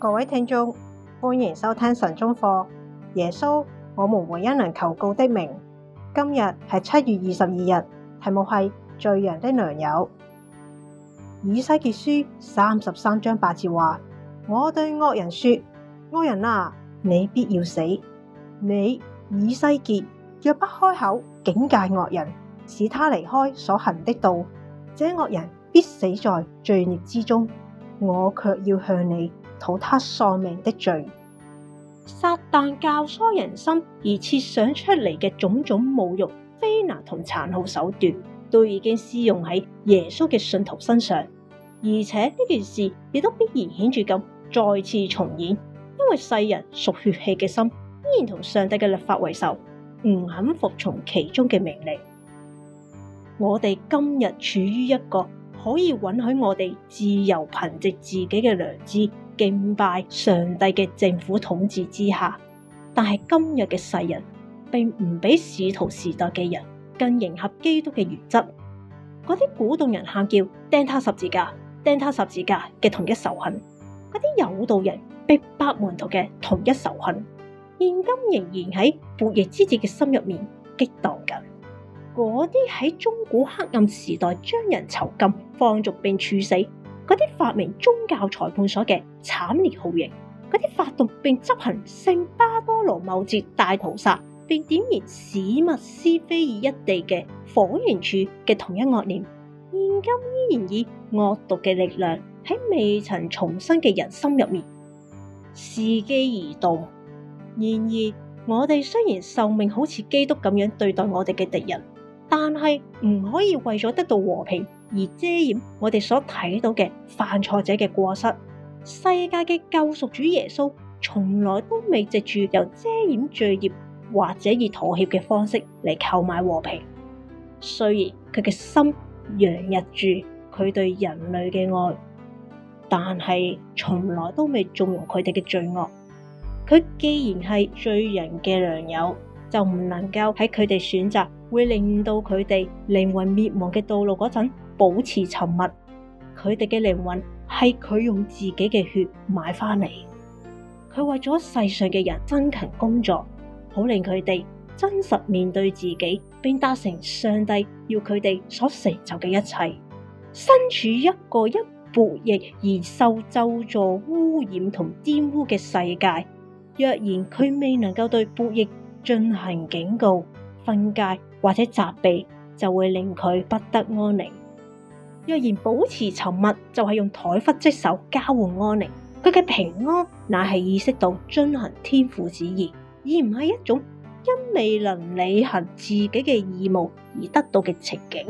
各位聽眾，歡迎收聽晨鐘課。耶穌，我們唯一能求告的名。今日係七月二十二日，題目係罪人的良友。以西結書三十三章八節話：我對惡人說，惡人啊，你必要死。你以西結若不開口警戒惡人，使他離開所行的道，這惡人必死在罪孽之中。我卻要向你討他喪命的罪，撒旦教唆人心而設想出嚟嘅種種侮辱、非難同殘酷手段，都已經施用喺耶穌嘅信徒身上，而且呢件事亦都必然顯著咁再次重演，因為世人屬血氣嘅心依然同上帝嘅律法為仇，唔肯服從其中嘅命令。我哋今日處於一個可以允許我哋自由憑藉自己嘅良知。敬拜上帝嘅政府統治之下，但係今日嘅世人并唔比使徒時代嘅人更迎合基督嘅原則。嗰啲古道人喊叫釘他十字架、釘他十字架嘅同一仇恨，嗰啲有道人逼迫門徒嘅同一仇恨，現今仍然喺悖逆之子嘅心入面激蕩緊。嗰啲喺中古黑暗時代將人囚禁、放逐并處死。嗰啲發明宗教裁判所嘅慘烈酷刑，嗰啲發動並執行聖巴多羅某節大屠殺，並點燃史密斯菲爾一地嘅火刑柱嘅同一惡念，現今依然以惡毒嘅力量喺未曾重生嘅人心入面伺機而動。然而，我哋雖然受命好似基督咁樣對待我哋嘅敵人。但係唔可以為咗得到和平而遮掩我哋所睇到嘅，犯錯者嘅過失。世界嘅救贖主耶穌從來都未藉住由遮掩罪孽或者以妥協嘅方式嚟購買和平。雖然佢嘅心洋溢住佢對人類嘅愛，但係從來都未縱容佢哋嘅罪惡。佢既然係罪人嘅良友。就唔能夠喺佢哋選擇會令到佢哋靈魂滅亡嘅道路嗰陣，保持沉默。佢哋嘅靈魂係佢用自己嘅血買翻嚟。佢為咗世上嘅人辛勤工作，好令佢哋真實面對自己，並達成上帝要佢哋所成就嘅一切。身處一個因悖逆而受咒詛、污染同玷污嘅世界，若然佢未能夠對悖逆，進行警告、訓誡或者責備，就會令佢不得安寧。若然保持沉默，就係、是、用玩忽職守交換安寧。佢嘅平安，乃係意識到遵行天父旨意，而唔係一種因未能履行自己嘅義務而得到嘅情景。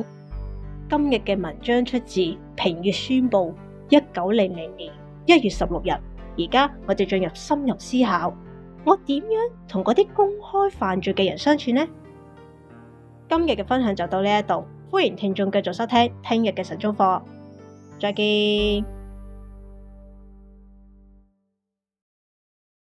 今日嘅文章出自《評閱宣報》，一九零零年一月十六日。而家我哋進入深入思考。我點樣同嗰啲公開犯罪的人相處呢？今日的分享就到這裏，歡迎聽眾繼續收聽聽日的晨鐘課，再見。